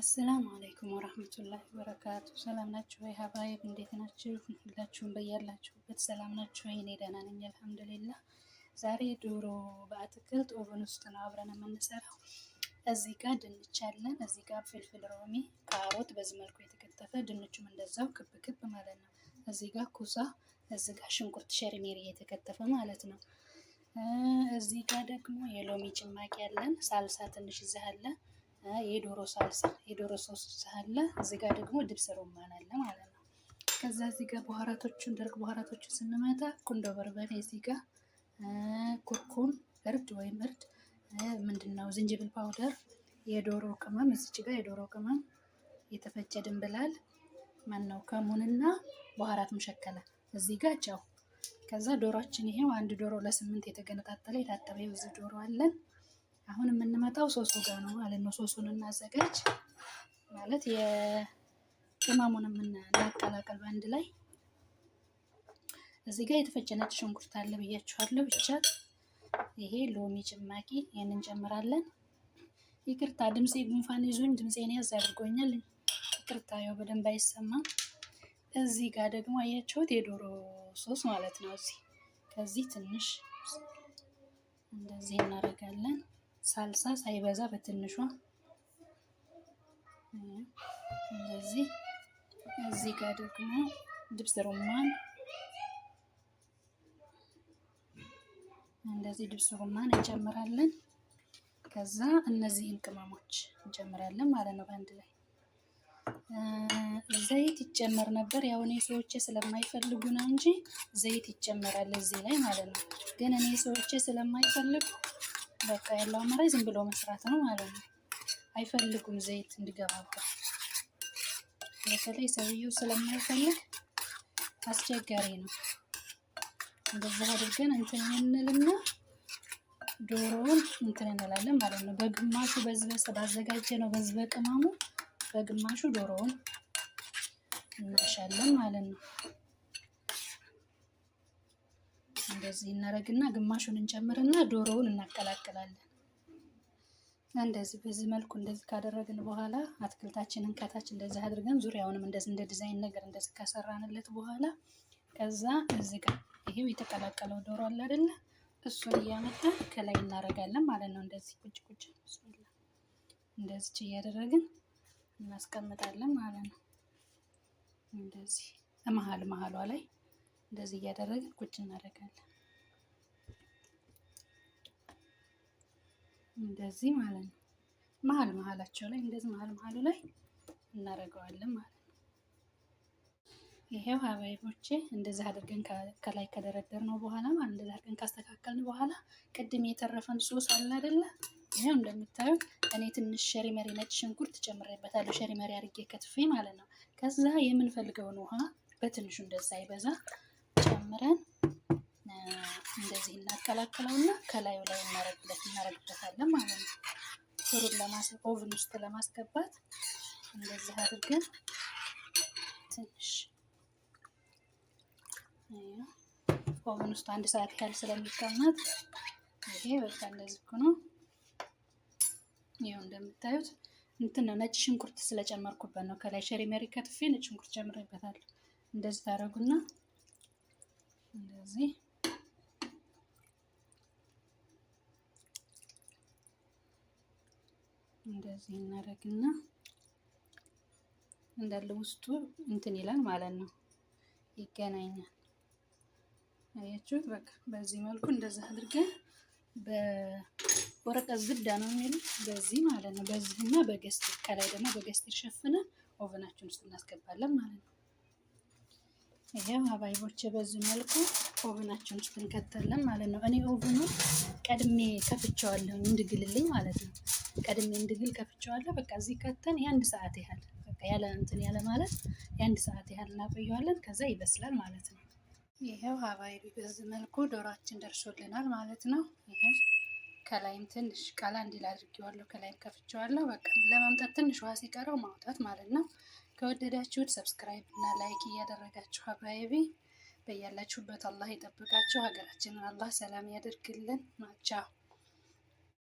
አሰላሙ አለይኩም ወራህመቱላሂ ወበረካቱ። ሰላም ናችሁ ወይ ሀባይብ? እንዴት ናችሁ? ሁላችሁም በያላችሁበት ሰላም ናችሁ ወይ? እኔ ደህና ነኝ አልሐምዱሊላህ። ዛሬ ዶሮ በአትክልት ኦቨን ውስጥ ነው አብረን የምንሰራው። እዚህ ጋር ድንች አለን፣ እዚህ ጋር ፍልፍል ሮሚ፣ ካሮት በዚህ መልኩ የተከተፈ ድንቹም እንደዛው ክብ ክብ ማለት ነው። እዚህ ጋር ኩሳ፣ እዚህ ጋር ሽንኩርት ሸርሜሪ የተከተፈ ማለት ነው። እዚህ ጋር ደግሞ የሎሚ ጭማቂ አለን፣ ሳልሳ ትንሽ ይዘህ አለን። የዶሮ ሳልሳ የዶሮ ሶስ አለ። እዚህ ጋር ደግሞ ድብስ ሮማን አለ ማለት ነው። ከዛ እዚህ ጋር ባህራቶቹን ደረቅ ባህራቶቹን ስንመጣ ቁንዶ በርበሬ እዚህ ጋር ኩርኩም እርድ ወይም እርድ ምንድን ነው ዝንጅብል ፓውደር፣ የዶሮ ቅመም እዚች ጋር የዶሮ ቅመም፣ የተፈጨ ድንብላል ማን ነው ከሙንና ባህራት መሸከለ እዚህ ጋር ጨው። ከዛ ዶሯችን ይሄው አንድ ዶሮ ለስምንት የተገነጣጠለ የታጠበ የብዙ ዶሮ አለን። አሁን የምንመጣው ሶሱ ጋር ነው ማለት ነው። ሶሱን እናዘጋጅ ማለት የቅመሙን የምናቀላቀል በአንድ ላይ እዚህ ጋር የተፈጨ ነጭ ሽንኩርት አለ ብያችኋለሁ። ብቻ ይሄ ሎሚ ጭማቂ ይህን እንጨምራለን። ይቅርታ ድምፄ ጉንፋን ይዞኝ ድምፄን ያዝ አድርጎኛል። ይቅርታ ያው በደንብ አይሰማም። እዚህ ጋር ደግሞ አያችሁት የዶሮ ሶስ ማለት ነው። እዚህ ከዚህ ትንሽ እንደዚህ እናደርጋለን። ሳልሳ ሳይበዛ በትንሿ እንደዚህ። እዚህ ጋር ደግሞ ድብስ ሩማን እንደዚህ ድብስ ሩማን እንጨምራለን። ከዛ እነዚህን ቅመሞች እንጨምራለን ማለት ነው በአንድ ላይ። ዘይት ይጨመር ነበር ያው እኔ ሰዎቼ ስለማይፈልጉ ነው እንጂ ዘይት ይጨመራል እዚህ ላይ ማለት ነው። ግን እኔ ሰዎቼ ስለማይፈልጉ በቃ ያለው አማራጭ ዝም ብሎ መስራት ነው ማለት ነው። አይፈልጉም ዘይት እንዲገባበት በተለይ ሰውየው ስለማይፈልግ አስቸጋሪ ነው። እንደዚህ አድርገን እንትን እንልና ዶሮውን እንትን እንላለን ማለት ነው። በግማሹ በዝበስ ባዘጋጀ ነው በዝበ ቅመሙ በግማሹ ዶሮውን እናሻለን ማለት ነው። እንደዚህ እናረግና ግማሹን እንጨምርና ዶሮውን እናቀላቅላለን። እንደዚህ በዚህ መልኩ እንደዚህ ካደረግን በኋላ አትክልታችንን ከታች እንደዚህ አድርገን ዙሪያውንም እንደዚህ እንደ ዲዛይን ነገር እንደዚህ ከሰራንለት በኋላ ከዛ እዚህ ጋር ይሄው የተቀላቀለው ዶሮ አለ አይደለ? እሱን እያመጣን ከላይ እናረጋለን ማለት ነው። እንደዚህ ቁጭ ቁጭ እንደዚህ እያደረግን እናስቀምጣለን ማለት ነው። እንደዚህ መሀል መሀሏ ላይ እንደዚህ እያደረግን ቁጭ እናደርጋለን። እንደዚህ ማለት ነው። መሀል መሀላቸው ላይ እንደዚህ መሀል መሀሉ ላይ እናደርገዋለን ማለት ነው። ይሄው ሀባይቦቼ እንደዚህ አድርገን ከላይ ከደረደር ነው በኋላ ማለት እንደዚህ አድርገን ካስተካከልን በኋላ ቅድም የተረፈን ሶስ አለ አይደለ? ይሄው እንደምታዩት እኔ ትንሽ ሸሪ መሪ ነጭ ሽንኩርት ጨምሬበታለሁ። ሸሪ መሪ አድርጌ ከትፌ ማለት ነው። ከዛ የምንፈልገውን ውሃ በትንሹ እንደዛ ይበዛ ጨምረን እንደዚህ እናቀላቅለውና ከላዩ ላይ እናረግበታለን ማለት ነው። ሩን ኦቭን ውስጥ ለማስገባት እንደዚህ አድርገን ትንሽ ኦቭን ውስጥ አንድ ሰዓት ያህል ስለሚቀመጥ ይሄ በቃ እንደዚህ ነው። ይኸው እንደምታዩት እንትን ነው፣ ነጭ ሽንኩርት ስለጨመርኩበት ነው። ከላይ ሸሪ መሪ ከትፌ ነጭ ሽንኩርት ጨምሬበታለሁ። እንደዚህ ታደርጉና እንደዚህ እንደዚህ እናደርግና እንዳለ ውስጡ እንትን ይላል ማለት ነው፣ ይገናኛል። አያችሁት? በቃ በዚህ መልኩ እንደዚህ አድርገን በወረቀት ዝብዳ ነው የሚሉት በዚህ ማለት ነው። በዚህና በገስት ከላይ ደግሞ በገስት ይሸፍነን ኦቨናችን ውስጥ እናስገባለን ማለት ነው። ይሄው ሀባይቦች በዚህ መልኩ ኦቭናችን ውስጥ እንከታለን ማለት ነው። እኔ ኦቭኑ ቀድሜ ከፍቼዋለሁ እንድግልልኝ ማለት ነው። ቀድሜ እንድግል ከፍቼዋለሁ። በቃ እዚህ ከተን የአንድ ሰዓት ያህል በቃ ያለ እንትን ያለ ማለት የአንድ ሰዓት ያህል እናቆየዋለን። ከዛ ይበስላል ማለት ነው። ይሄው ሀባይቢ በዚህ መልኩ ዶሯችን ደርሶልናል ማለት ነው። ይሄው ከላይም ትንሽ ቃላ እንዲል አድርጌዋለሁ። ከላይም ከፍቼዋለሁ። በቃ ለማምጣት ትንሽ ውሃ ሲቀረው ማውጣት ማለት ነው። ከወደዳችሁት ሰብስክራይብ እና ላይክ እያደረጋችሁ አባይቢ በያላችሁበት አላህ ይጠብቃችሁ። ሀገራችንን አላህ ሰላም ያደርግልን ማቻው